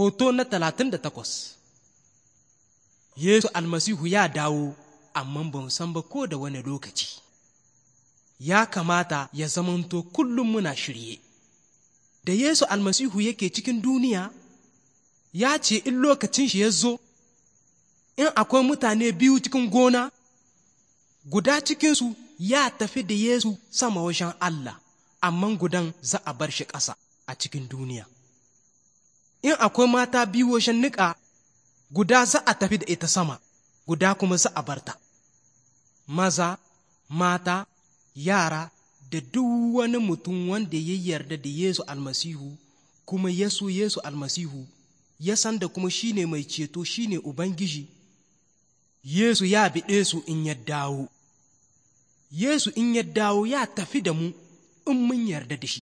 hoto na talatin da takwas yesu almasihu ya dawo amma ban san ba ko da wani lokaci ya kamata ya zamanto kullum muna shirye da yesu almasihu yake cikin duniya ya ce in lokacin shi ya zo in akwai mutane biyu cikin gona guda cikinsu ya tafi da yesu sama wajen allah amma gudan za a bar shi ƙasa a cikin duniya in akwai mata biyu wajen niƙa guda za a tafi da ita sama guda kuma za a barta maza mata yara da duk wani mutum wanda ya yarda da yesu almasihu kuma yesu yesu almasihu ya san da kuma shine mai ceto shine ubangiji yesu ya biɗe su in ya dawo yesu in ya dawo ya tafi da mu in mun yarda da shi